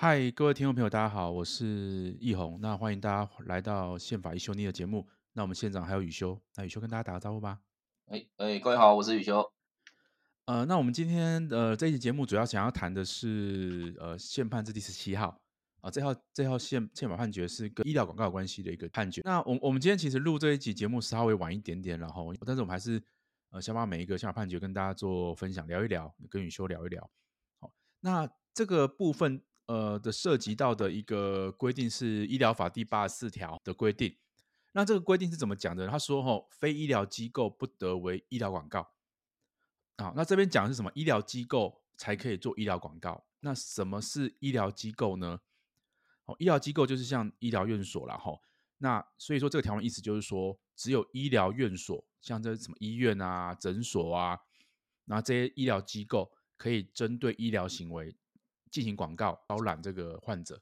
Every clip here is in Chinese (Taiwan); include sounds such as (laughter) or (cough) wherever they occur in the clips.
嗨，Hi, 各位聽眾朋友，大家好，我是奕弘。那歡迎大家來到憲法奕修你的節目。那我們現場還有宇修，那宇修跟大家打個招呼吧。哎哎，各位好，我是宇修。呃，那我們今天的、呃、這一集節目主要想要談的是呃，憲判字第十七號啊、呃，這號這號憲憲法判決是跟醫療廣告有關係的一個判決。那我我們今天其實錄這一集節目稍微晚一點點，然後但是我們還是呃，先把每一個憲法判決跟大家做分享，聊一聊，跟宇修聊一聊。好、哦，那這個部分。呃的涉及到的一個規定是《醫療法》第八十四條的規定。那這個規定是怎麼講的？他說：“哦，非醫療機構不得為醫療廣告。”好，那這邊講的是什麼？醫療機構才可以做醫療廣告。那什麼是醫療機構呢？哦，醫療機構就是像醫療院所啦。吼。那所以說這個條文意思就是說，只有醫療院所，像這什麼醫院啊、診所啊，那這些醫療機構可以針對醫療行為。進行廣告招攬這個患者，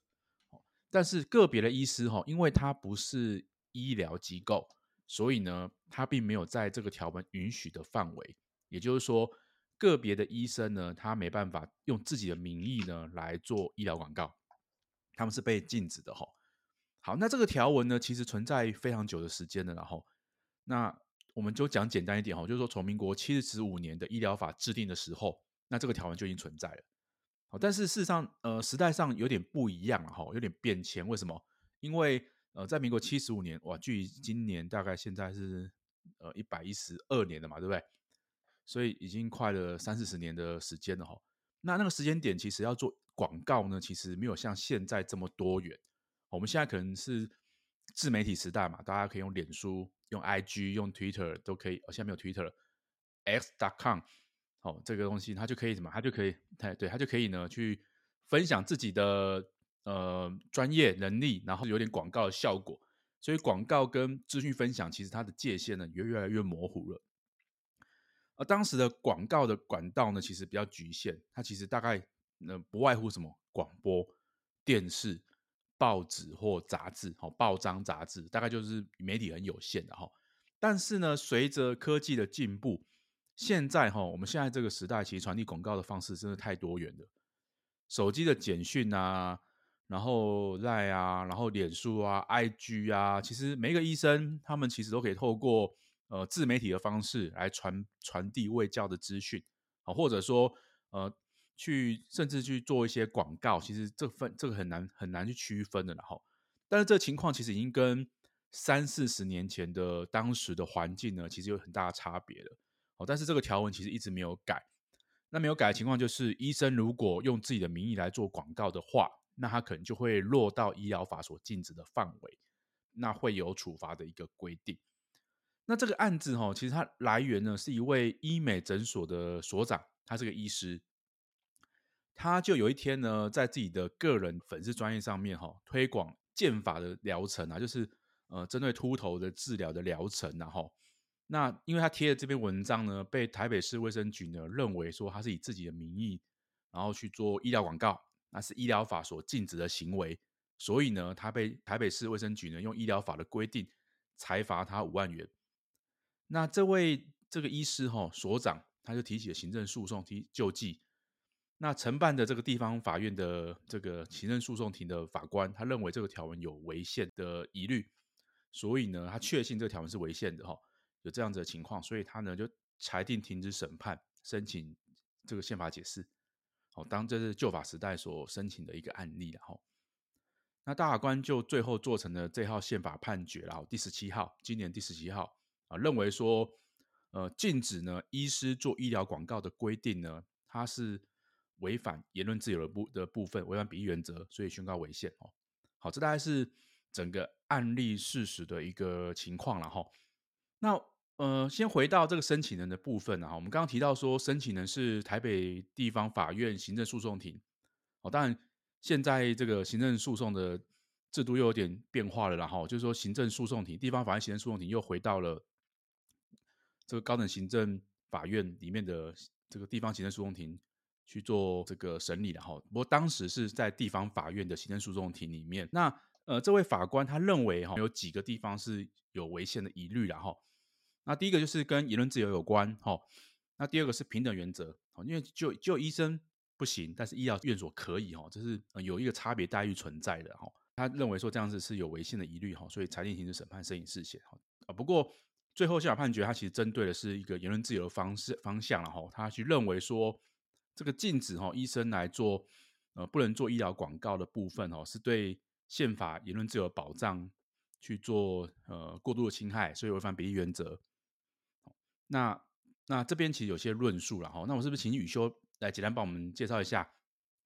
但是個別的醫師哈，因為他不是醫療機構，所以呢，他並沒有在這個條文允許的範圍。也就是說，個別的醫生呢，他沒辦法用自己的名義呢來做醫療廣告，他們是被禁止的哈。好，那這個條文呢，其實存在非常久的時間了。然後，那我們就講簡單一點哈，就是說，從民國七十五年的醫療法制定的時候，那這個條文就已經存在了。但是事實上，呃，時代上有點不一樣了哈，有點變遷。為什麼？因為呃，在民國七十五年哇，距今年大概現在是呃一百一十二年的嘛，對不對？所以已經快了三四十年的時間了哈。那那個時間點，其實要做廣告呢，其實沒有像現在這麼多元。我們現在可能是自媒體時代嘛，大家可以用臉書、用 IG、用 Twitter 都可以。哦，現在沒有 Twitter 了，X.com。X. Com, 哦，這個東西它就可以什麼？它就可以，對，它就可以呢，去分享自己的呃專業能力，然後有點廣告的效果。所以廣告跟資訊分享其實它的界限呢也越來越模糊了。而當時的廣告的管道呢，其實比較局限，它其實大概嗯不外乎什麼廣播、電視、報紙或雜誌，好，報章、雜誌，大概就是媒體很有限的哈。但是呢，隨着科技的進步。現在哈，我們現在這個時代，其實傳遞廣告的方式真的太多元了。手機的簡訊啊，然後 Line 啊，然後臉書啊、IG 啊，其實每一個醫生他們其實都可以透過呃自媒體的方式來傳傳遞衛教的資訊啊，或者說呃去甚至去做一些廣告，其實這份這個很難很難去區分的。然後，但是這情況其實已經跟三四十年前的當時的環境呢，其實有很大的差別了。好，但是這個條文其實一直沒有改。那沒有改的情況就是，醫生如果用自己的名義來做廣告的話，那他可能就會落到醫療法所禁止的範圍，那會有處罰的一個規定。那這個案子哈，其實它來源呢是一位醫美診所的所長，他是個醫師，他就有一天呢，在自己的個人粉絲專業上面哈，推廣健髮的療程啊，就是呃針對禿頭的治療的療程然後。那因為他貼的這篇文章呢，被台北市衛生局呢認為說他是以自己的名義，然後去做醫療廣告，那是醫療法所禁止的行為，所以呢，他被台北市衛生局呢用醫療法的規定裁罰他五萬元。那這位這個醫師哈、哦、所長，他就提起了行政訴訟提救濟。那承辦的這個地方法院的這個行政訴訟庭的法官，他認為這個條文有違憲的疑慮，所以呢，他確信這個條文是違憲的哈、哦。有這樣子的情況，所以他呢就裁定停止審判，申請這個憲法解釋。好，當這是舊法時代所申請的一個案例，然後那大法官就最後做成了這號憲法判決，然後第十七號，今年第十七號啊，認為說，呃，禁止呢醫師做醫療廣告的規定呢，它是違反言論自由的部的部分，違反比例原則，所以宣告違憲。哦，好，這大概是整個案例事實的一個情況了。哈，那。呃，先回到這個申請人的部分啊，我們剛剛提到說，申請人是台北地方法院行政訴訟庭，哦，當然現在這個行政訴訟的制度又有點變化了，然後就是說行政訴訟庭、地方法院行政訴訟庭又回到了這個高等行政法院裡面的這個地方行政訴訟庭去做這個審理了哈。不過當時是在地方法院的行政訴訟庭裡面，那呃，這位法官他認為哈、哦，有幾個地方是有違憲的疑慮然後。那第一個就是跟言論自由有關哈，那第二個是平等原則，因為就就醫生不行，但是醫療院所可以哈，這是有一個差別待遇存在的哈。他認為說這樣子是有違憲的疑慮哈，所以裁定停止審判聲請釋憲哈。啊，不過最後下法判決它其實針對的是一個言論自由的方式方向了哈，他去認為說這個禁止哈醫生來做呃不能做醫療廣告的部分哦，是對憲法言論自由保障去做呃過度的侵害，所以違反比例原則。那那這邊其實有些論述了哈，那我是不是請宇修來簡單幫我們介紹一下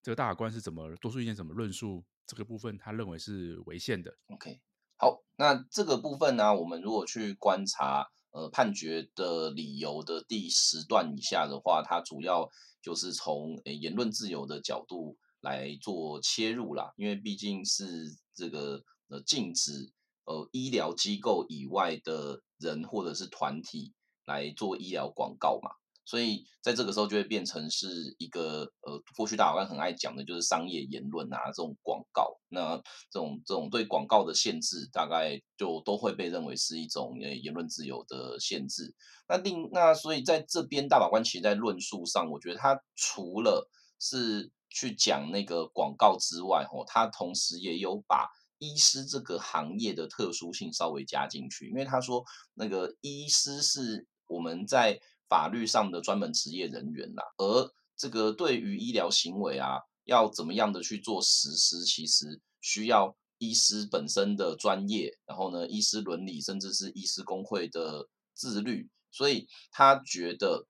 這個大法官是怎麼多數意見，怎麼論述這個部分他認為是違憲的？OK，好，那這個部分呢、啊，我們如果去觀察呃判決的理由的第十段以下的話，它主要就是從、欸、言論自由的角度來做切入啦，因為畢竟是這個呃禁止呃醫療機構以外的人或者是團體。來做醫療廣告嘛，所以在這個時候就會變成是一個呃，過去大法官很愛講的就是商業言論啊，這種廣告，那這種這種對廣告的限制，大概就都會被認為是一種言論自由的限制。那另那所以在這邊大法官其實在論述上，我覺得他除了是去講那個廣告之外，哦，他同時也有把醫師這個行業的特殊性稍微加進去，因為他說那個醫師是我們在法律上的專門職業人員啦，而這個對於醫療行為啊，要怎麼樣的去做實施，其實需要醫師本身的專業，然後呢，醫師倫理，甚至是醫師公會的自律。所以他覺得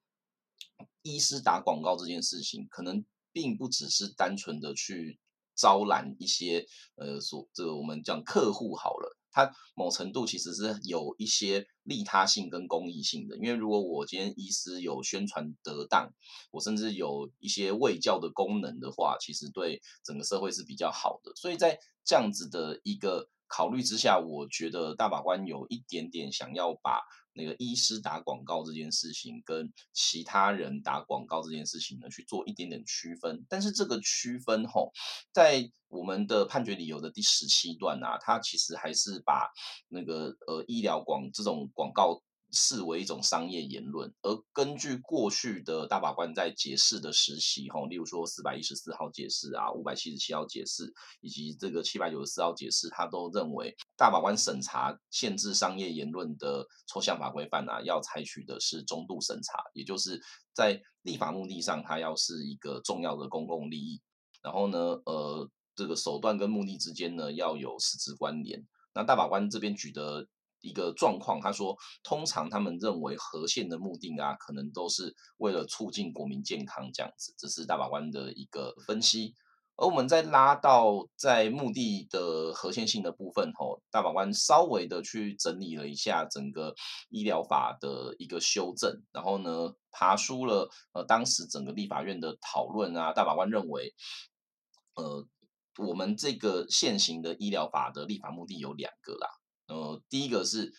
醫師打廣告這件事情，可能並不只是單純的去招攬一些呃所這個、我們講客戶好了。它某程度其實是有一些利他性跟公益性的，因為如果我今天醫師有宣傳得當，我甚至有一些衛教的功能的話，其實對整個社會是比較好的。所以在這樣子的一個考慮之下，我覺得大法官有一點點想要把那個醫師打廣告這件事情，跟其他人打廣告這件事情呢，去做一點點區分。但是這個區分吼，在我們的判決理由的第十七段啊，它其實還是把那個呃醫療廣這種廣告。視為一種商業言論，而根據過去的大法官在解釋的實習，例如說四百一十四號解釋啊，五百七十七號解釋，以及這個七百九十四號解釋，他都認為大法官審查限制商業言論的抽象法規範啊，要採取的是中度審查，也就是在立法目的上，它要是一個重要的公共利益，然後呢，呃，這個手段跟目的之間呢要有實質關聯。那大法官這邊舉的。一個狀況，他說，通常他們認為合憲的目的啊，可能都是為了促進國民健康這樣子。這是大法官的一個分析。而我們再拉到在目的的合憲性的部分，哦，大法官稍微的去整理了一下整個醫療法的一個修正，然後呢，爬梳了呃當時整個立法院的討論啊，大法官認為，呃，我們這個現行的醫療法的立法目的有兩個啦。呃，第一個是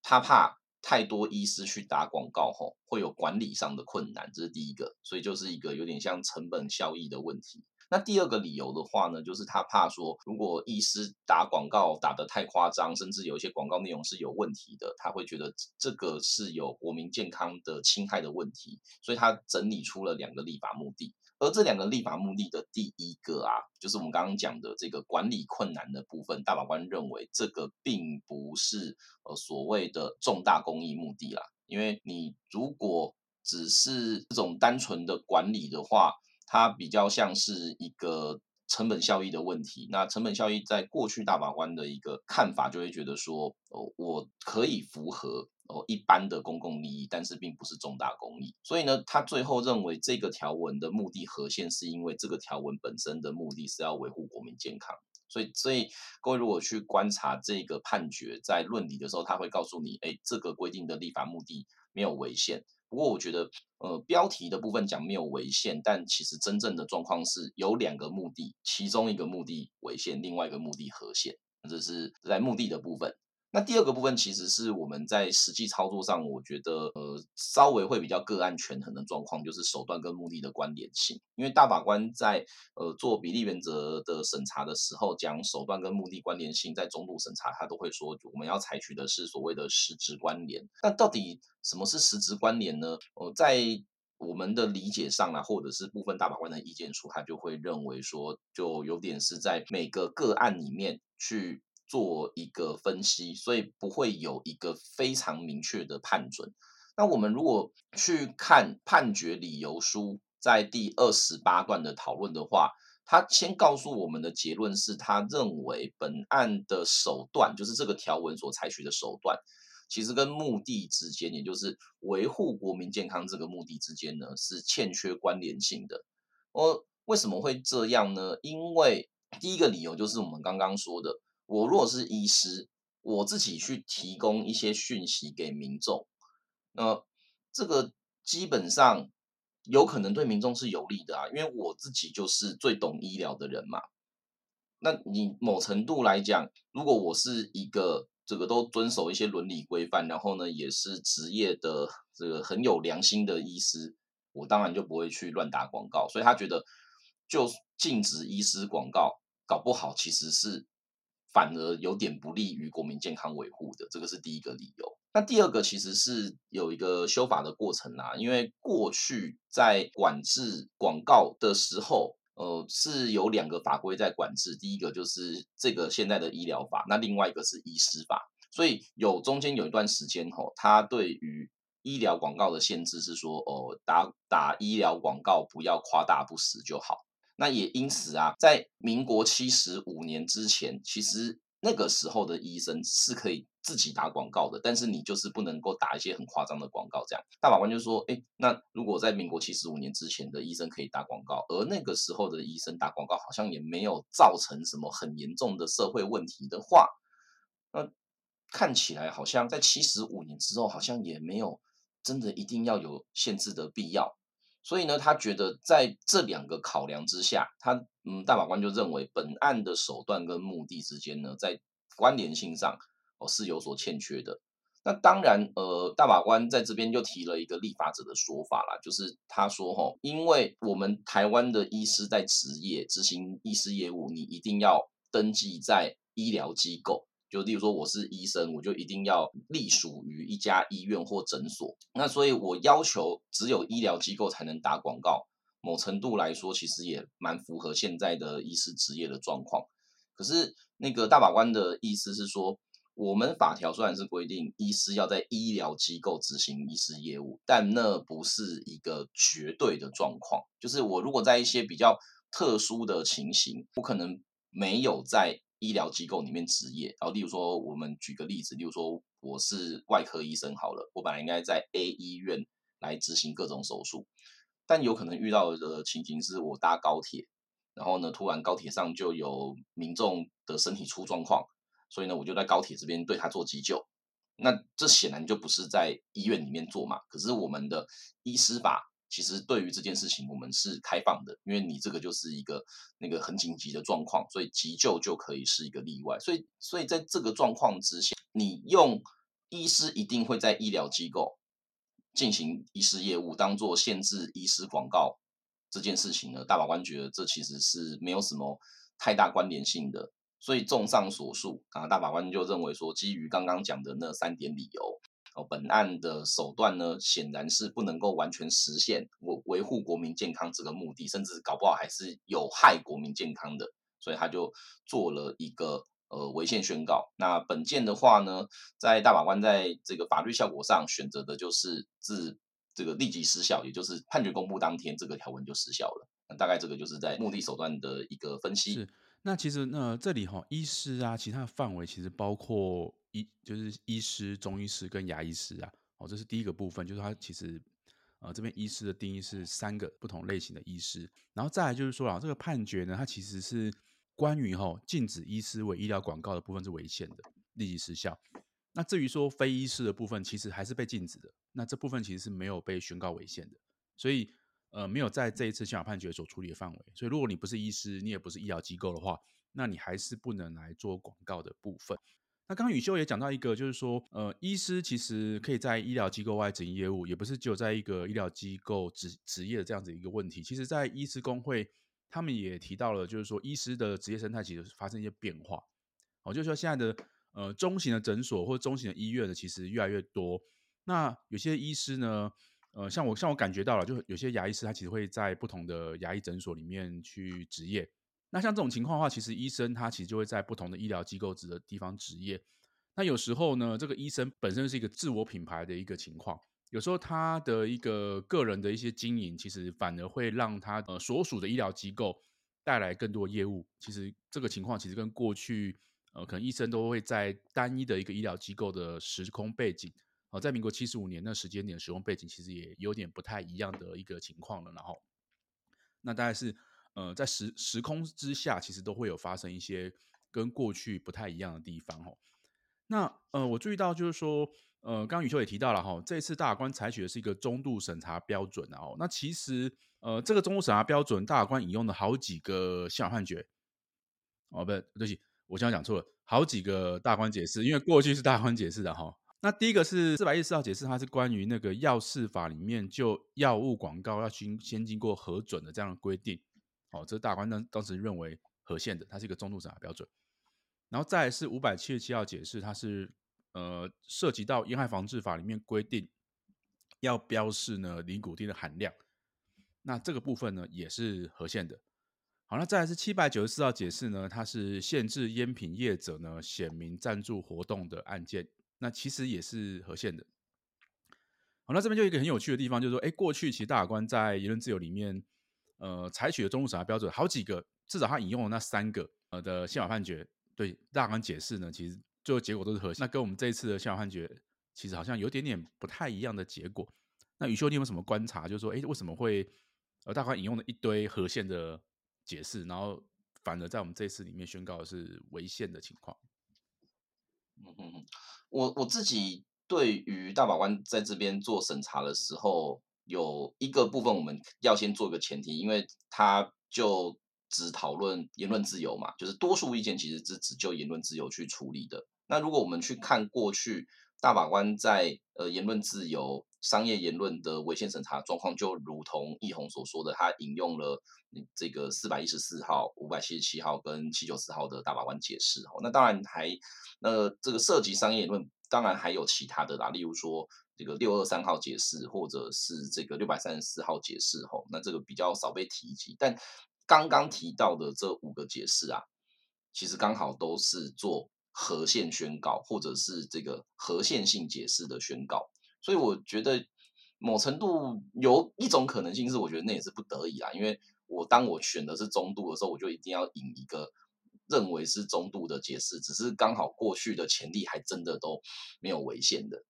他怕太多醫師去打廣告，吼，會有管理上的困難，這是第一個，所以就是一個有點像成本效益的問題。那第二個理由的話呢，就是他怕說如果醫師打廣告打得太誇張，甚至有一些廣告內容是有問題的，他會覺得這個是有國民健康的侵害的問題，所以他整理出了兩個立法目的。而這兩個立法目的的第一個啊，就是我們剛剛講的這個管理困難的部分，大法官認為這個並不是呃所謂的重大公益目的啦，因為你如果只是這種單純的管理的話，它比較像是一個成本效益的問題。那成本效益在過去大法官的一個看法就會覺得說，哦，我可以符合。哦，一般的公共利益，但是並不是重大公益，所以呢，他最後認為這個條文的目的合憲，是因為這個條文本身的目的是要維護國民健康，所以，所以各位如果去觀察這個判決在論理的時候，他會告訴你，哎、欸，這個規定的立法目的沒有違憲。不過我覺得，呃，標題的部分講沒有違憲，但其實真正的狀況是有兩個目的，其中一個目的違憲，另外一個目的合憲，這是在目的的部分。那第二個部分其實是我們在實際操作上，我覺得呃稍微會比較個案權衡的狀況，就是手段跟目的的關聯性。因為大法官在呃做比例原則的審查的時候，講手段跟目的關聯性，在中度審查他都會說，我們要採取的是所謂的實質關聯。那到底什麼是實質關聯呢？呃，在我們的理解上啊，或者是部分大法官的意見書，他就會認為說，就有點是在每個個案裡面去。做一個分析，所以不會有一個非常明確的判準。那我們如果去看判決理由書在第二十八段的討論的話，他先告訴我們的結論是，他認為本案的手段，就是這個條文所採取的手段，其實跟目的之間，也就是維護國民健康這個目的之間呢，是欠缺關聯性的。呃，為什麼會這樣呢？因為第一個理由就是我們剛剛說的。我如果是醫師，我自己去提供一些訊息給民眾，那這個基本上有可能對民眾是有利的啊，因為我自己就是最懂醫療的人嘛。那你某程度來講，如果我是一個這個都遵守一些倫理規範，然後呢也是職業的這個很有良心的醫師，我當然就不會去亂打廣告。所以他覺得就禁止醫師廣告，搞不好其實是，反而有點不利於國民健康維護的，這個是第一個理由。那第二個其實是有一個修法的過程啦、啊，因為過去在管制廣告的時候，呃，是有兩個法規在管制，第一個就是這個現在的醫療法，那另外一個是醫師法。所以有中間有一段時間吼，他對於醫療廣告的限制是說，哦、呃，打打醫療廣告不要誇大不實就好。那也因此啊，在民國七十五年之前，其實那個時候的醫生是可以自己打廣告的，但是你就是不能夠打一些很誇張的廣告這樣。大法官就說：“欸，那如果在民國七十五年之前的醫生可以打廣告，而那個時候的醫生打廣告好像也沒有造成什麼很嚴重的社會問題的話，那看起來好像在七十五年之後，好像也沒有真的一定要有限制的必要。”所以呢，他覺得在這兩個考量，之下，他嗯大法官就認為本案的手段跟目的之間呢，在關聯性上哦是有所欠缺的。那當然呃，大法官在這邊就提了一個立法者的說法啦，就是他說齁、哦，因為我們台灣的醫師在執業執行醫師業務，你一定要登記在醫療機構。就例如說我是醫生，我就一定要隸屬於一家醫院或診所。那所以，我要求只有醫療機構才能打廣告。某程度來說，其實也蠻符合現在的醫師職業的狀況。可是，那個大法官的意思是說，我們法條雖然是規定醫師要在醫療機構執行醫師業務，但那不是一個絕對的狀況。就是我如果在一些比較特殊的情形，不可能沒有在。醫療機構裡面執業，然後例如說，我們舉個例子，例如說我是外科醫生好了，我本來應該在 A 醫院來執行各種手術，但有可能遇到的情形是我搭高鐵，然後呢，突然高鐵上就有民眾的身體出狀況，所以呢，我就在高鐵這邊對他做急救，那這顯然就不是在醫院裡面做嘛，可是我們的醫師把。其實對於這件事情，我們是開放的，因為你這個就是一個那個很緊急的狀況，所以急救就可以是一個例外。所以，所以在這個狀況之下，你用醫師一定會在醫療機構進行醫師業務，當做限制醫師廣告。這件事情呢，大法官覺得這其實是沒有什麼太大關聯性的。所以，綜上所述啊，大法官就認為說，基於剛剛講的那三點理由。本案的手段呢，顯然是不能夠完全實現維維護國民健康這個目的，甚至搞不好還是有害國民健康的，所以他就做了一個呃違憲宣告。那本件的話呢，在大法官在這個法律效果上選擇的就是自這個立即失效，也就是判決公布當天這個條文就失效了。那大概這個就是在目的手段的一個分析。是，那其實呢，這裡哈、哦，醫師啊，其他的範圍其實包括。醫就是醫師、中醫師跟牙醫師啊，哦，這是第一個部分，就是它其實，呃，這邊醫師的定義是三個不同類型的醫師，然後再來就是說啊，這個判決呢，它其實是關於哈禁止醫師為醫療廣告的部分是違憲的，立即失效。那至於說非醫師的部分，其實還是被禁止的，那這部分其實是沒有被宣告違憲的，所以呃，沒有在這一次憲法判決所處理的範圍。所以如果你不是醫師，你也不是醫療機構的話，那你還是不能來做廣告的部分。那剛剛宇修也講到一個，就是說，呃，醫師其實可以在醫療機構外執行業務，也不是只有在一個醫療機構執執業的這樣子一個問題。其實，在醫師公會，他們也提到了，就是說，醫師的職業生態其實發生一些變化。哦，就是說，現在的呃中型的診所或者中型的醫院的其實越來越多。那有些醫師呢，呃，像我像我感覺到了，就有些牙醫師他其實會在不同的牙醫診所裡面去執業。那像這種情況的話，其實醫生他其實就會在不同的醫療機構的的地方執業。那有時候呢，這個醫生本身是一個自我品牌的一個情況，有時候他的一個個人的一些經營，其實反而會讓他呃所屬的醫療機構帶來更多的業務。其實這個情況其實跟過去呃可能醫生都會在單一的一個醫療機構的時空背景啊、呃，在民國七十五年那時間點的時空背景其實也有點不太一樣的一個情況了。然後，那大概是。呃，在時時空之下，其實都會有發生一些跟過去不太一樣的地方哦。那呃，我注意到就是說，呃，剛剛宇修也提到了哈，這次大法官採取的是一個中度審查標準哦、啊，那其實呃，這個中度審查標準，大法官引用的好幾個下判決哦、喔，不對，對不起，我剛剛講錯了，好幾個大法官解釋，因為過去是大法官解釋的哈。那第一個是四百一十四號解釋，它是關於那個藥事法裡面就藥物廣告要經先經過核准的這樣的規定。哦，這是大法官當時認為合憲的，它是一個中度審查標準。然後再來是五百七十七號解釋，它是呃涉及到煙害防治法裡面規定要標示呢尼古丁的含量，那這個部分呢也是合憲的。好，那再來是七百九十四號解釋呢，它是限制煙品業者呢顯名贊助活動的案件，那其實也是合憲的。好，那這邊就一個很有趣的地方，就是說，哎、欸，過去其實大法官在言論自由裡面。呃，採取的中度審查標準，好幾個，至少他引用了那三個呃的憲法判決，對大法官解釋呢，其實最後結果都是合憲、嗯、那跟我們這一次的憲法判決其實好像有點點不太一樣的結果。那宇修，你有，有什麼觀察？就是說，哎、欸，為什麼會呃大法官引用了一堆合憲的解釋，然後反而在我們這次裡面宣告的是違憲的情況？嗯，我我自己對於大法官在這邊做審查的時候，有一個部分我們要先做一個前提，因為他就只討論言論自由嘛，就是多數意見其實是只就言論自由去處理的。那如果我們去看過去大法官在呃言論自由、商業言論的違憲審查狀況，就如同奕弘所說的，他引用了這個四百一十四號、五百七十七號跟七九四號的大法官解釋。那當然還那個、這個涉及商業言論，當然還有其他的啦，例如說。這個六二三號解釋，或者是這個六百三十四號解釋，吼，那這個比較少被提及。但剛剛提到的這五個解釋啊，其實剛好都是做合憲宣告，或者是這個合憲性解釋的宣告。所以我覺得某程度有一種可能性是，我覺得那也是不得已啦、啊，因為我當我選的是中度的時候，我就一定要引一個認為是中度的解釋，只是剛好過去的前例還真的都沒有違憲的，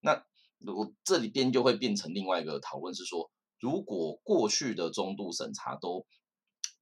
那。如果這裡邊就會變成另外一個討論，是說，如果過去的中度審查都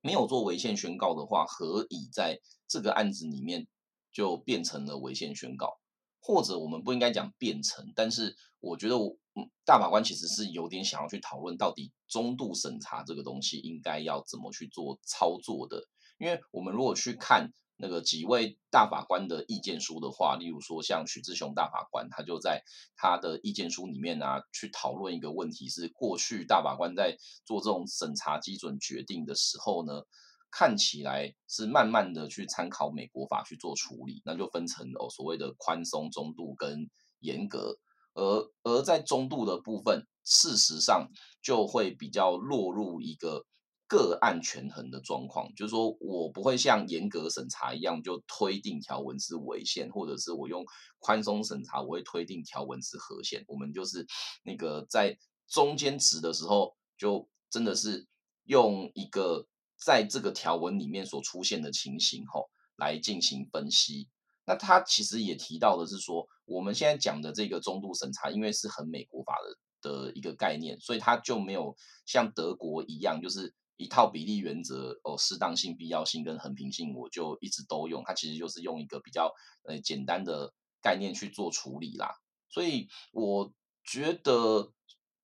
沒有做違憲宣告的話，何以在這個案子裡面就變成了違憲宣告？或者我們不應該講變成，但是我覺得我，嗯，大法官其實是有點想要去討論，到底中度審查這個東西應該要怎麼去做操作的，因為我們如果去看。那個幾位大法官的意見書的話，例如說像許志雄大法官，他就在他的意見書裡面啊，去討論一個問題是，過去大法官在做這種審查基準決定的時候呢，看起來是慢慢的去參考美國法去做處理，那就分成了，哦，所謂的寬鬆、中度跟嚴格，而而在中度的部分，事實上就會比較落入一個。個案權衡的狀況，就是說我不會像嚴格審查一樣就推定條文是違憲，或者是我用寬鬆審查，我會推定條文是合憲。我們就是那個在中間值的時候，就真的是用一個在這個條文裡面所出現的情形吼來進行分析。那他其實也提到的是說，我們現在講的這個中度審查，因為是很美國法的的一個概念，所以他就沒有像德國一樣就是。一套比例原則哦，適當性、必要性跟衡平性，我就一直都用。它其實就是用一個比較呃簡單的概念去做處理啦。所以我覺得，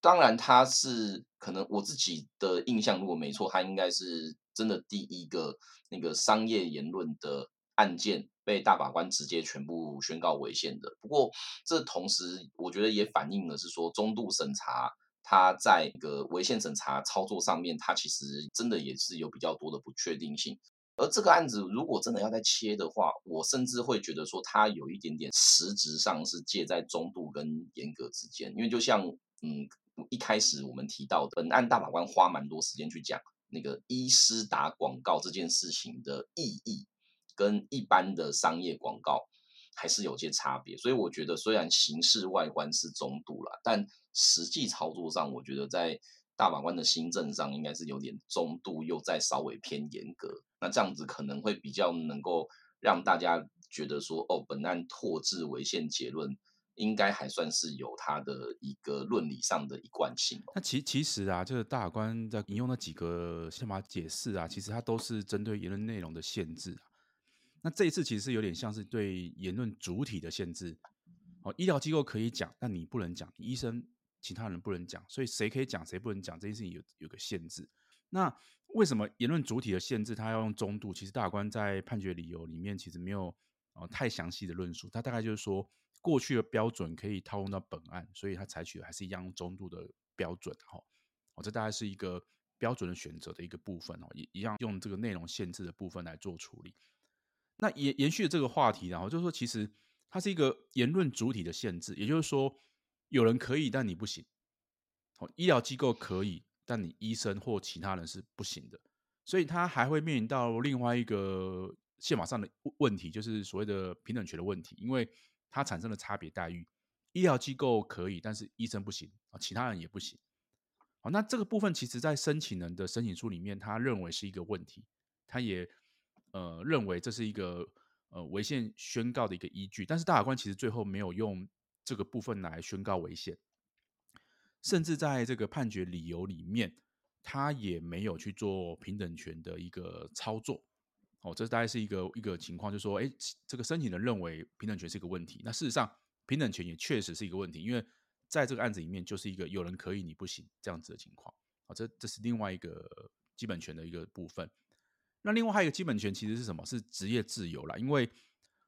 當然它是可能我自己的印象如果沒錯，它應該是真的第一個那個商業言論的案件被大法官直接全部宣告違憲的。不過這同時我覺得也反映的是說中度審查。它在一個違憲審查操作上面，它其實真的也是有比較多的不確定性。而這個案子如果真的要再切的話，我甚至會覺得說它有一點點實質上是介在中度跟嚴格之間，因為就像嗯一開始我們提到的，的本案大法官花蠻多時間去講那個醫師打廣告這件事情的意義，跟一般的商業廣告還是有些差別，所以我覺得雖然形式外觀是中度了，但實際操作上，我覺得在大法官的心證上，應該是有點中度又再稍微偏嚴格。那這樣子可能會比較能夠讓大家覺得說，哦，本案拓字違憲結論應該還算是有它的一個論理上的一貫性喔。那其其實啊，這個大法官在引用那幾個先馬解釋啊，其實它都是針對言論內容的限制啊。那這一次其實有點像是對言論主體的限制，哦，醫療機構可以講，但你不能講醫生，其他人不能講，所以誰可以講，誰不能講，這件事情有有個限制。那為什麼言論主體的限制，它要用中度？其實大法官在判決理由裡面其實沒有、呃、太詳細的論述，它大概就是說，過去的標準可以套用到本案，所以它採取的還是一樣用中度的標準，哈，這大概是一個標準的選擇的一個部分哦，也一樣用這個內容限制的部分來做處理。那延延續的這個話題呢，然後就是說，其實它是一個言論主體的限制，也就是說，有人可以，但你不行；好，醫療機構可以，但你醫生或其他人是不行的。所以，它還會面臨到另外一個憲法上的問題，就是所謂的平等權的問題，因為它產生了差別待遇。醫療機構可以，但是醫生不行啊，其他人也不行。好，那這個部分其實，在申請人的申請書裡面，他認為是一個問題，他也。呃，認為這是一個呃違憲宣告的一個依據，但是大法官其實最後沒有用這個部分來宣告違憲，甚至在這個判決理由裡面，他也沒有去做平等權的一個操作。哦，這大概是一個一個情況，就是說，哎、欸，這個申請人認為平等權是一個問題，那事實上平等權也確實是一個問題，因為在這個案子裡面就是一個有人可以你不行這樣子的情況。啊、哦，這這是另外一個基本權的一個部分。那另外還有一個基本權，其實是什麼？是職業自由啦。因為，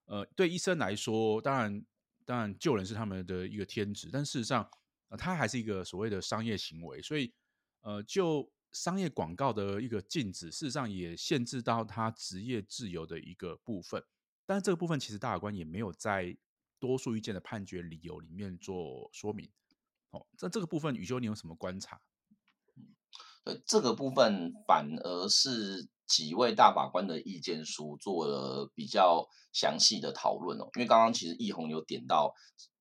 呃，對醫生來說，當然，當然救人是他們的一個天職，但事實上，呃，他還是一個所謂的商業行為。所以，呃，就商業廣告的一個禁止，事實上也限制到他職業自由的一個部分。但是這個部分，其實大法官也沒有在多數意見的判決理由裡面做說明。哦，那這個部分，宇修你有什麼觀察？對，這個部分，反而是。幾位大法官的意見書做了比較詳細的討論哦，因為剛剛其實奕弘有點到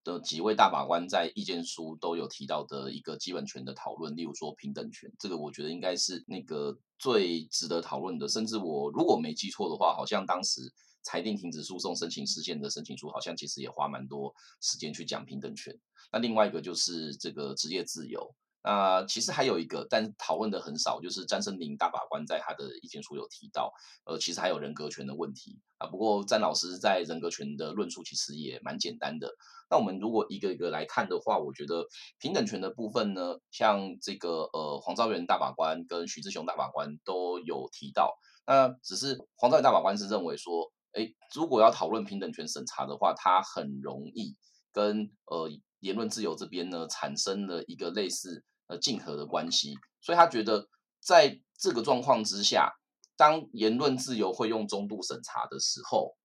的幾位大法官在意見書都有提到的一個基本權的討論，例如說平等權，這個我覺得應該是那個最值得討論的。甚至我如果沒記錯的話，好像當時裁定停止訴訟申請事件的申請書，好像其實也花蠻多時間去講平等權。那另外一個就是這個職業自由。啊、呃，其實還有一個，但討論的很少，就是詹森林大法官在他的意見書有提到，呃，其實還有人格權的問題啊、呃。不過詹老師在人格權的論述其實也蠻簡單的。那我們如果一個一個來看的話，我覺得平等權的部分呢，像這個呃黃昭元大法官跟許志雄大法官都有提到。那只是黃昭元大法官是認為說誒，如果要討論平等權審查的話，他很容易跟呃言論自由這邊呢產生了一個類似。呃，競合的關係，所以他覺得，在這個狀況之下，當言論自由會用中度審查的時候，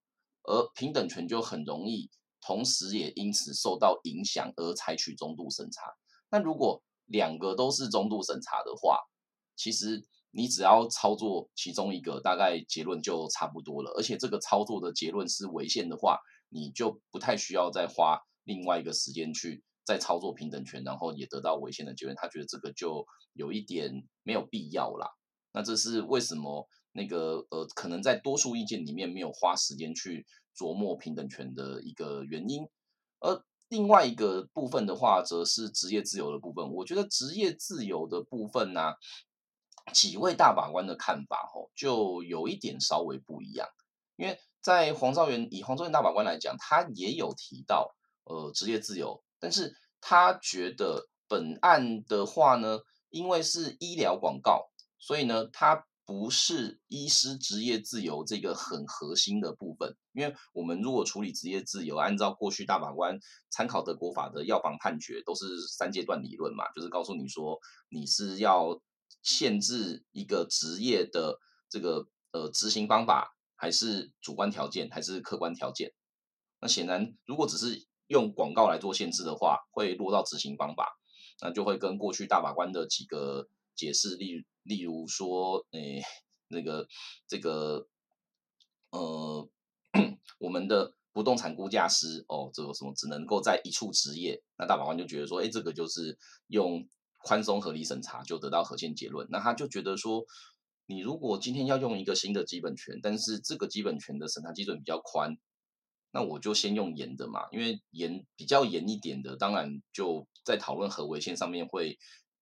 而平等權就很容易，同時也因此受到影響而採取中度審查。那如果兩個都是中度審查的話，其實你只要操作其中一個，大概結論就差不多了。而且這個操作的結論是違憲的話，你就不太需要再花另外一個時間去。在操作平等權，然後也得到違憲的結論，他覺得這個就有一點沒有必要啦。那這是為什麼？那個呃，可能在多數意見裡面沒有花時間去琢磨平等權的一個原因。而另外一個部分的話，則是職業自由的部分。我覺得職業自由的部分呢、啊，幾位大法官的看法吼，就有一點稍微不一樣。因為在黃昭元以黃昭元大法官來講，他也有提到呃職業自由。但是他覺得本案的話呢，因為是醫療廣告，所以呢，它不是醫師職業自由這個很核心的部分。因為我們如果處理職業自由，按照過去大法官參考德國法的藥房判決，都是三階段理論嘛，就是告訴你說，你是要限制一個職業的這個呃執行方法，還是主觀條件，還是客觀條件。那顯然，如果只是用廣告來做限制的話，會落到執行方法，那就會跟過去大法官的幾個解釋，例例如說，誒、哎，那個這個，呃，我們的不動產估價師，哦，這個什麼只能夠在一處執業，那大法官就覺得說，誒、哎，這個就是用寬鬆合理審查就得到合憲結論，那他就覺得說，你如果今天要用一個新的基本權，但是這個基本權的審查基準比較寬。那我就先用嚴的嘛，因為嚴比較嚴一點的，當然就在討論合圍線上面會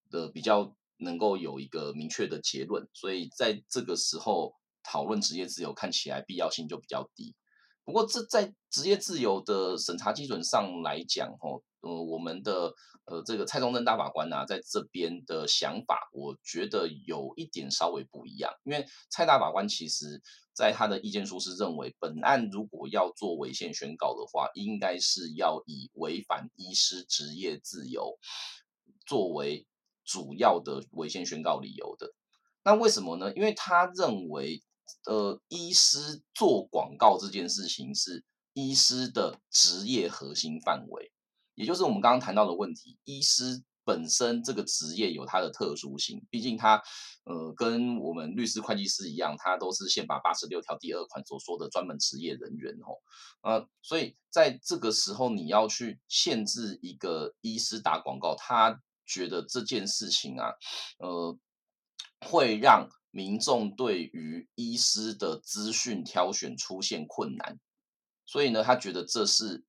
的比較能夠有一個明確的結論，所以在這個時候討論職業自由看起來必要性就比較低。不過這在職業自由的審查基準上來講，吼，呃，我們的呃這個蔡宗珍大法官啊，在這邊的想法，我覺得有一點稍微不一樣，因為蔡大法官其實。在他的意見書是認為，本案如果要做違憲宣告的話，應該是要以違反醫師職業自由作為主要的違憲宣告理由的。那為什麼呢？因為他認為，呃，醫師做廣告這件事情是醫師的職業核心範圍，也就是我們剛剛談到的問題，醫師。本身這個職業有它的特殊性，畢竟它，呃，跟我們律師、會計師一樣，它都是憲法八十六條第二款所說的專門職業人員哦。啊、呃，所以在這個時候，你要去限制一個醫師打廣告，他覺得這件事情啊，呃，會讓民眾對於醫師的資訊挑選出現困難，所以呢，他覺得這是，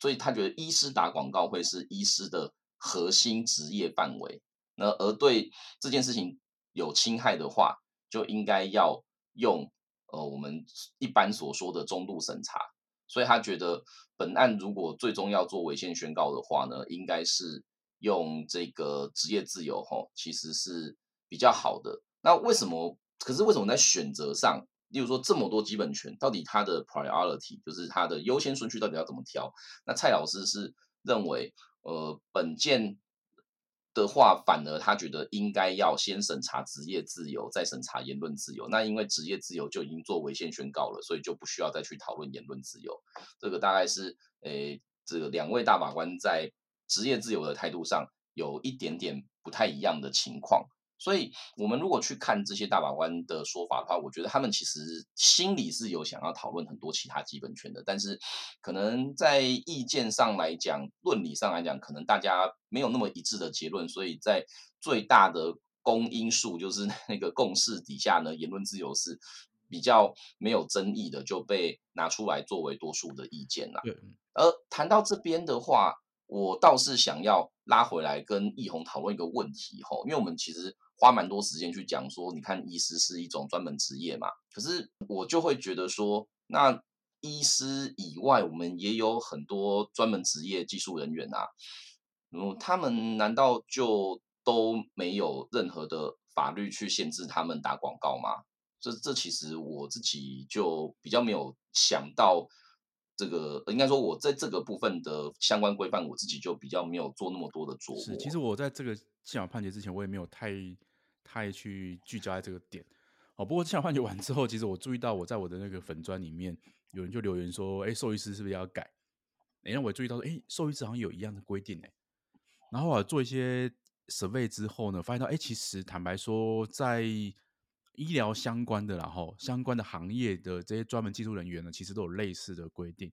所以他覺得醫師打廣告會是醫師的。核心職業範圍，那而對這件事情有侵害的話，就應該要用呃我們一般所說的中度審查。所以他覺得本案如果最終要做違憲宣告的話呢，應該是用這個職業自由吼，其實是比較好的。那為什麼？可是為什麼在選擇上，例如說這麼多基本權，到底它的 priority 就是它的優先順序到底要怎麼挑？那蔡老師是認為。呃，本件的話，反而他覺得應該要先審查職業自由，再審查言論自由。那因為職業自由就已經做違憲宣告了，所以就不需要再去討論言論自由。這個大概是，誒、呃，這個、兩位大法官在職業自由的態度上有一點點不太一樣的情況。所以，我們如果去看這些大法官的說法的話，我覺得他們其實心裡是有想要討論很多其他基本權的，但是可能在意見上來講、論理上來講，可能大家沒有那麼一致的結論。所以在最大的公因數就是那個共識底下呢，言論自由是比較沒有爭議的，就被拿出來作為多數的意見了。對，而談到這邊的話，我倒是想要拉回來跟奕弘討論一個問題吼，因為我們其實。花蠻多時間去講說，你看，醫師是一種專門職業嘛？可是我就會覺得說，那醫師以外，我們也有很多專門職業技術人員啊，嗯，他們難道就都沒有任何的法律去限制他們打廣告嗎？這這其實我自己就比較沒有想到這個，應該說，我在這個部分的相關規範，我自己就比較沒有做那麼多的做。是，其實我在這個憲法判決之前，我也沒有太。太去聚焦在這個點哦。不過，這項判決完之後，其實我注意到，我在我的那個粉專裡面，有人就留言說：“哎、欸，獸醫師是不是要改？”哎、欸，那我注意到哎，欸、獸醫師好像有一樣的規定、欸。”然後我做一些 survey 之後呢，發現到，哎、欸，其實坦白說，在醫療相關的，然後相關的行業的這些專門技術人員呢，其實都有類似的規定。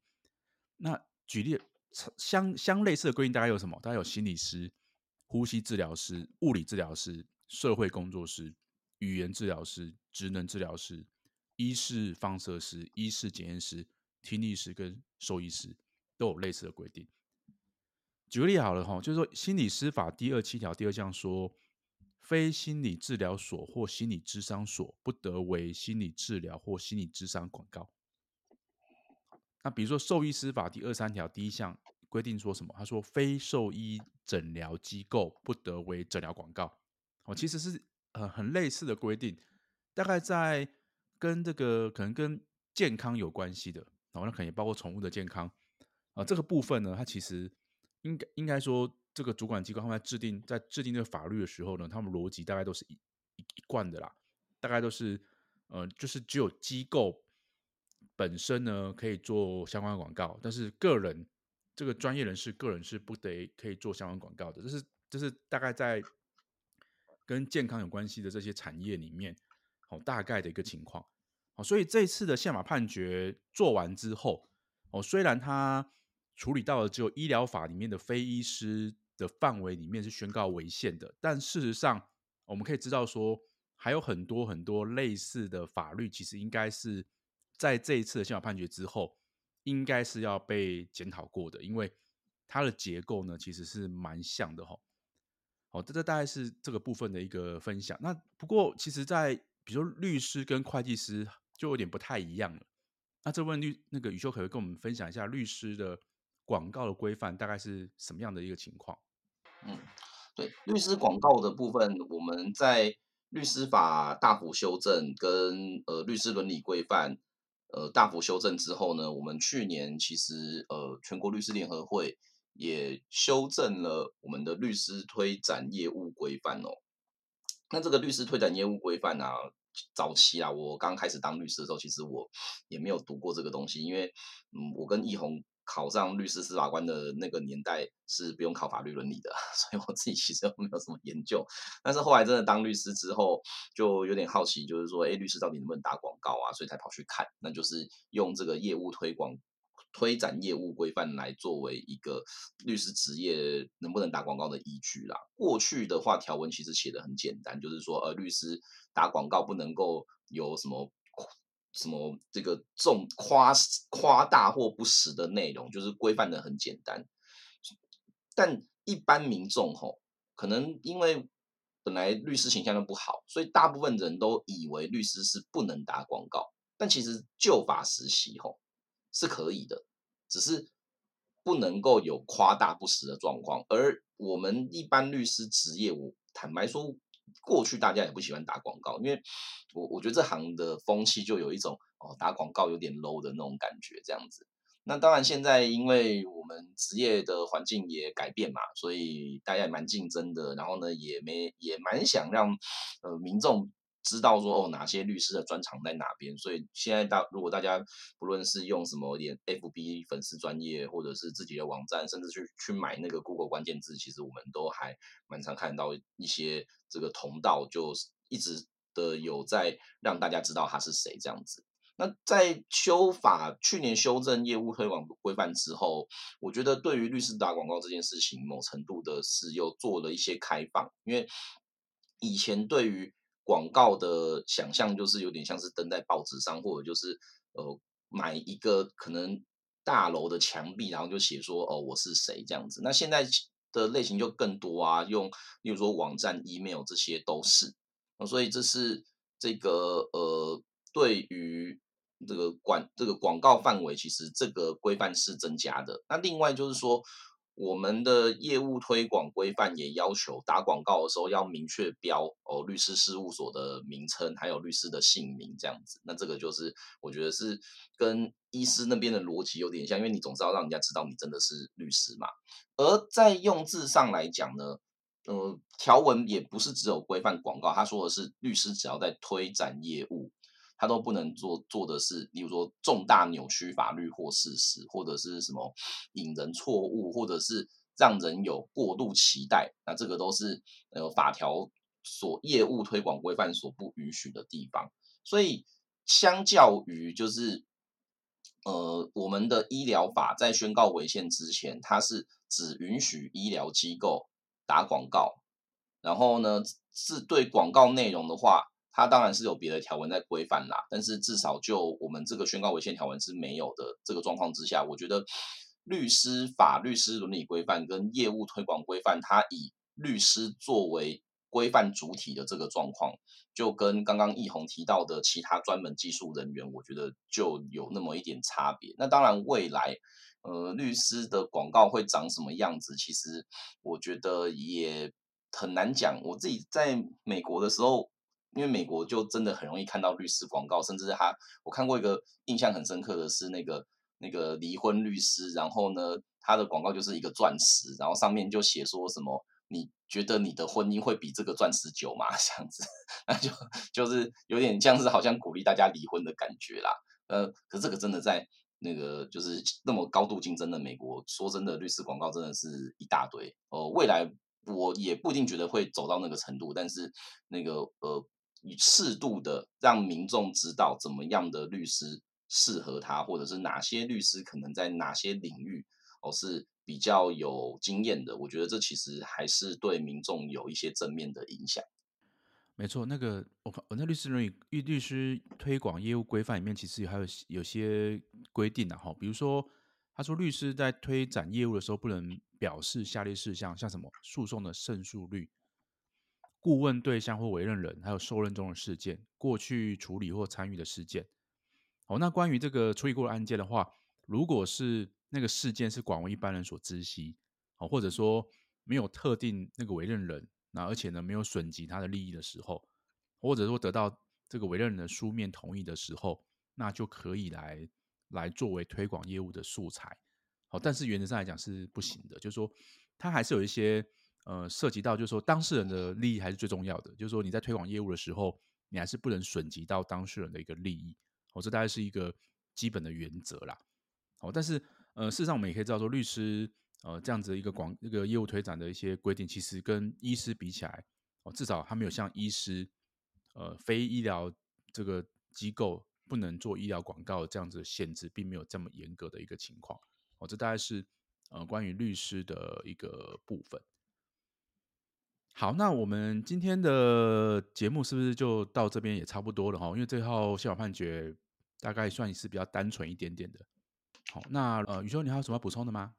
那舉例相相類似的規定大概有什麼？大概有心理師、呼吸治療師、物理治療師。社會工作師、語言治療師、職能治療師、醫事放射師、醫事檢驗師、聽力師跟獸醫師都有類似的規定。舉個例好了哈，就是說心理師法第二七條第二項說，非心理治療所或心理諮商所不得為心理治療或心理諮商廣告。那比如說獸醫師法第二三條第一項規定說什麼？他說，非獸醫診療機構不得為診療廣告。哦，其實是呃很類似的規定，大概在跟這個可能跟健康有關係的，然後、哦、那可能也包括寵物的健康啊、呃、這個部分呢，它其實應該應該說這個主管機構，他們在制定在制定這個法律的時候呢，他們邏輯大概都是一一一貫的啦，大概都是呃就是只有機構本身呢可以做相關的廣告，但是個人這個專業人士個人是不得可以做相關廣告的，這是這是大概在。跟健康有關係的這些產業裡面，哦，大概的一個情況，哦，所以這一次的憲法判決做完之後，哦，雖然它處理到了只有醫療法裡面的非醫師的範圍裡面是宣告違憲的，但事實上我們可以知道說，還有很多很多類似的法律，其實應該是在這一次的憲法判決之後，應該是要被檢討過的，因為它的結構呢，其實是蠻像的哈。哦，這這大概是這個部分的一個分享。那不過，其實，在比如說律師跟會計師就有點不太一樣了。那這問律那個宇修可以跟我們分享一下律師的廣告的規範大概是什麼樣的一個情況？嗯，對，律師廣告的部分，我們在律師法大幅修正跟呃律師倫理規範呃大幅修正之後呢，我們去年其實呃全國律師聯合會也修正了我們的律師推展業務規範哦。那這個律師推展業務規範啊，早期啊，我剛開始當律師的時候，其實我也沒有讀過這個東西，因爲嗯，我跟奕弘考上律師司法官的那個年代是不用考法律倫理的，所以我自己其實沒有什麼研究。但是後來真的當律師之後，就有點好奇，就是說，哎，律師到底能不能打廣告啊？所以才跑去看，那就是用這個業務推廣。推展業務規範來作為一個律師職業能不能打廣告的依據啦。過去的話，條文其實寫得很簡單，就是說呃律師打廣告不能夠有什麼什麼這個重誇誇大或不實的內容，就是規範的很簡單。但一般民眾吼，可能因為本來律師形象就不好，所以大部分人都以為律師是不能打廣告。但其實舊法時期吼。是可以的，只是不能夠有誇大不實的狀況。而我們一般律師職業，我坦白說，過去大家也不喜歡打廣告，因為我我覺得這行的風氣就有一種哦打廣告有點 low 的那種感覺，這樣子。那當然現在因為我們職業的環境也改變嘛，所以大家也蠻競爭的，然後呢也沒也蠻想讓呃民眾。知道說哦哪些律師的專長在哪邊，所以現在大如果大家不論是用什麼連 FB 粉絲專頁，或者是自己的網站，甚至去去買那個 Google 關鍵字，其實我們都還蠻常看到一些這個同道就一直的有在讓大家知道他是誰這樣子。那在修法去年修正業務推廣規範之後，我覺得對於律師打廣告這件事情，某程度的是又做了一些開放，因為以前對於廣告的想象就是有點像是登在報紙上，或者就是呃買一個可能大樓的牆壁，然後就寫說哦、呃、我是誰這樣子。那現在的類型就更多啊，用例如說網站、email 這些都是、呃。所以這是這個呃對於這個管這個廣告範圍，其實這個規範是增加的。那另外就是說。我們的業務推廣規範也要求打廣告的時候要明確標哦，律師事務所的名稱，還有律師的姓名這樣子。那這個就是我覺得是跟醫師那邊的邏輯有點像，因為你總是要讓人家知道你真的是律師嘛。而在用字上來講呢，呃，條文也不是只有規範廣告，他說的是律師只要在推展業務。他都不能做做的是，比如說重大扭曲法律或事實，或者是什麼引人錯誤，或者是讓人有過度期待。那這個都是，呃，法條所業務推廣規範所不允許的地方。所以相較於就是呃我們的醫療法在宣告違憲之前，它是只允許醫療機構打廣告，然後呢是對廣告內容的話。它當然是有別的條文在規範啦，但是至少就我們這個宣告違憲條文是沒有的這個狀況之下，我覺得律師法、律師倫理規範跟業務推廣規範，它以律師作為規範主體的這個狀況，就跟剛剛奕弘提到的其他專門技術人員，我覺得就有那麼一點差別。那當然，未來呃律師的廣告會長什麼樣子，其實我覺得也很難講。我自己在美國的時候。因為美國就真的很容易看到律師廣告，甚至他我看過一個印象很深刻的是那個那個離婚律師，然後呢，他的廣告就是一個鑽石，然後上面就寫說什麼，你覺得你的婚姻會比這個鑽石久嗎？這樣子，那就就是有點像是好像鼓勵大家離婚的感覺啦。呃，可這個真的在那個就是那麼高度競爭的美國，說真的律師廣告真的是一大堆。呃，未來我也不一定覺得會走到那個程度，但是那個呃，以適度的讓民眾知道怎麼樣的律師適合他，或者是哪些律師可能在哪些領域，哦，是比較有經驗的。我覺得這其實還是對民眾有一些正面的影響。沒錯，那個我我、哦、那律師律律師推廣業務規範裡面其實還有有些規定的、啊、哈，比如說他說律師在推展業務的時候不能表示下列事項，像什麼訴訟的勝訴率。顧問對象或委任人，還有受任中的事件，過去處理或參與的事件。好，那關於這個處理過的案件的話，如果是那個事件是廣為一般人所知悉，哦，或者說沒有特定那個委任人，那而且呢沒有損及他的利益的時候，或者說得到這個委任人的書面同意的時候，那就可以來來作為推廣業務的素材。好，但是原則上來講是不行的，就是說它還是有一些。呃、嗯，涉及到就是說當事人的利益還是最重要的，就是說你在推廣業務的時候，你還是不能損及到當事人的一個利益，哦，這大概是一個基本的原則啦。哦，但是呃，事實上我們也可以知道說律師呃這樣子一個廣一個業務推展的一些規定，其實跟醫師比起來，哦，至少他沒有像醫師呃非醫療這個機構不能做醫療廣告這樣子的限制，並沒有這麼嚴格的一個情況。哦，這大概是呃關於律師的一個部分。好，那我們今天的節目是不是就到這邊也差不多了哈？因為這套憲法判決大概算是比較單純一點點的。好，那呃，宇修，你還有什麼要補充的嗎？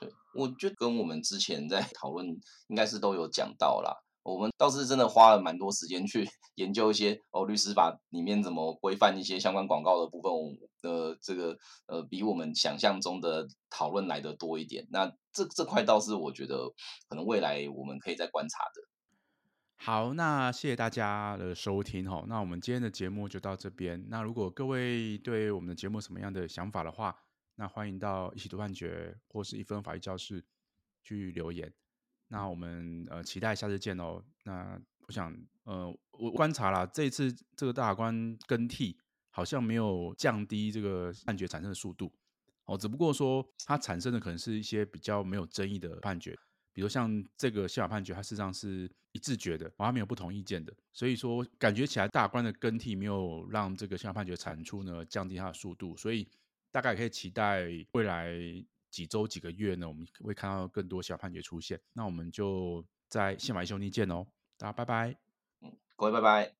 對，我覺得跟我們之前在討論，應該是都有講到啦。我們倒是真的花了蠻多時間去研究一些哦，律師法裡面怎麼規範一些相關廣告的部分。呃，這個呃，比我們想象中的討論來得多一點。那這這塊倒是我覺得可能未來我們可以再觀察的。好，那謝謝大家的收聽哈、哦，那我們今天的節目就到這邊。那如果各位對我們的節目什麼樣的想法的話，那歡迎到一起讀判決或是一分法律教室去留言。那我們呃期待下次見哦。那我想呃我觀察了這次這個大法官更替，好像沒有降低這個判決產生的速度。哦，只不過說它產生的可能是一些比較沒有爭議的判決，比如像這個憲法判決，它事實上是一致決的，完全沒有不同意見的。所以說，感覺起來大法官的更替沒有讓這個憲法判決產出呢降低它的速度，所以大概可以期待未來幾週幾個月呢，我們會看到更多憲法判決出現。那我們就在憲法奕修你見哦，大家拜拜。 (music) 各位拜拜。